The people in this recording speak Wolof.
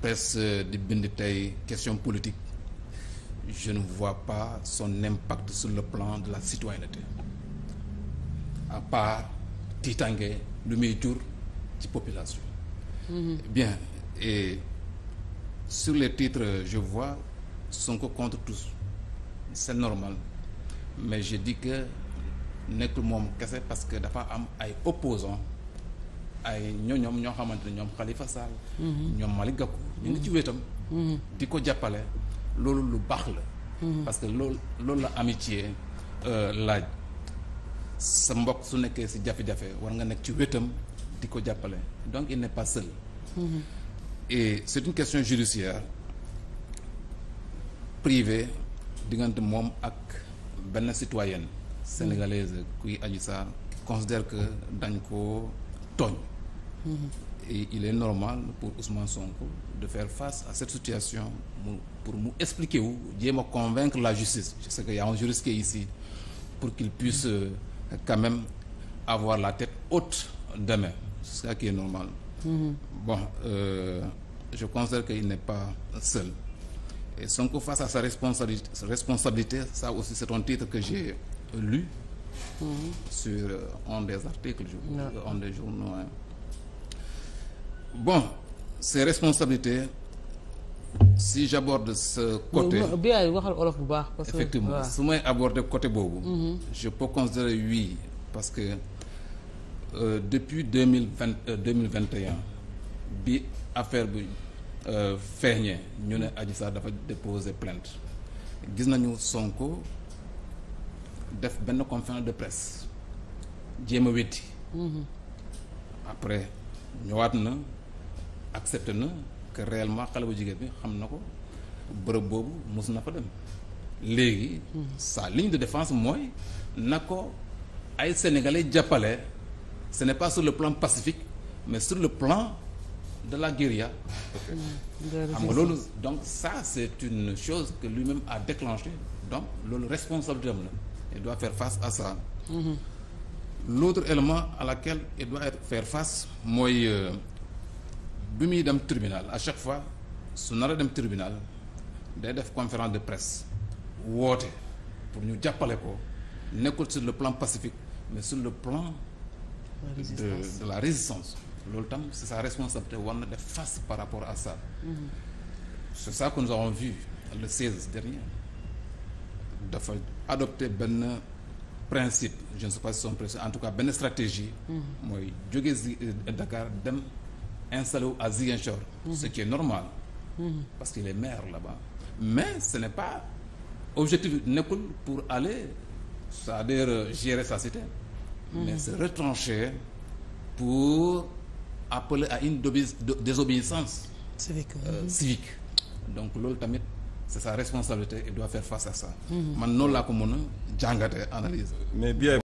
presse euh, di bind tey question politique je ne vois pas son impact sur le plan de la citoyenneté à part tiitange lu muy jur ci population mm-hmm. eh bien et sur les titres je vois Sonko contre tous c'est normal mais je dis que nekkul moom kese parce que dafa am ay opposants ay ñoñoom ñoo xamante ne ñoom Khalifa Sall mm-hmm. ñoom Malick Gakou ñu ngi ci wetam. di ko jàppale loolu lu baax la. parce que loolu loolu la amitié euh, laaj sa mbokk su nekkee si jafe-jafe war nga nekk ci wetam di ko jàppale donc il n'est pas seul. et c'est question judiciaire privée diggante moom ak benn citoyenne sénégalaise kuy Adji Sarr considère que dañ koo tooñ. et il est normal pour Ousmane Sonko de faire face à cette situation pour mu expliquer wu jéem a convaincre la justice je sais que y a un qui est ici pour qu'il puisse euh, quand même avoir la tête haute demain c'est ça qui est normal mm-hmm. euh, je considère qu'il n'est pas seul et Sonko face à sa responsabilité sa responsabilité ça aussi c'est un titre que j'ai lu mm-hmm. sur euh, un des articles ah. un des bon ces responsabilité si j'aborde ce côté bi ay waxal olof bu baax parce que effectivement su may aborder côté boobu mhm. je peux considérer oui parce que euh, depuis deux mille vingt euh, deux mille vingt et bi affaire bu euh, feeñee ñu ne Adji Sarr dafa déposer plainte gis nañu Sonko def benn conférence de presse jéem a wetti mhm. après ñëwaat na accepté na que réellement xale bu jigéen bi xam na ko bërëb boobu mos na fa dem léegi sa ligne de défense mooy na ko ay sénégalais jàppale ce n'est pas sur le plan pacifique mais sur le plan de la guérilla mm, xam nga loolu donc ça c'est une chose que lui-même a déclenché donc loolu responsabilité am la il doit faire face à ça mm-hmm. l'autre élément à laquelle il doit faire face mooy euh, bi muy dem tribunal à chaque fois su nar a dem tribunal day def conférence de presse woote pour ñu jàppale ko nekkul sur le plan pacifique mais sur le plan de, la résistance loolu tam c'est sa responsabilité war na def face par rapport à ça mm -hmm. c'est nous avons vu le 16 dernier dafa adopté benn principe je ne sais en tout cas benn stratégie mm-hmm. mooy jóge Dakar dem installé wu à Ziguinchor. Mhm. ce qui normal. Mhm. parce qu'il est maire la ba mais ce n'est pas objectif nekkul pour aller c'est-à-dire euh, gérer sa cité. Mhm. mais se retrancher pour appeler à une désobéissance. civique euh, civique. donc loolu tamit c'est sa responsabilité et doit faire face à ça. man noonu laa ko mën jàngate analyse mais bien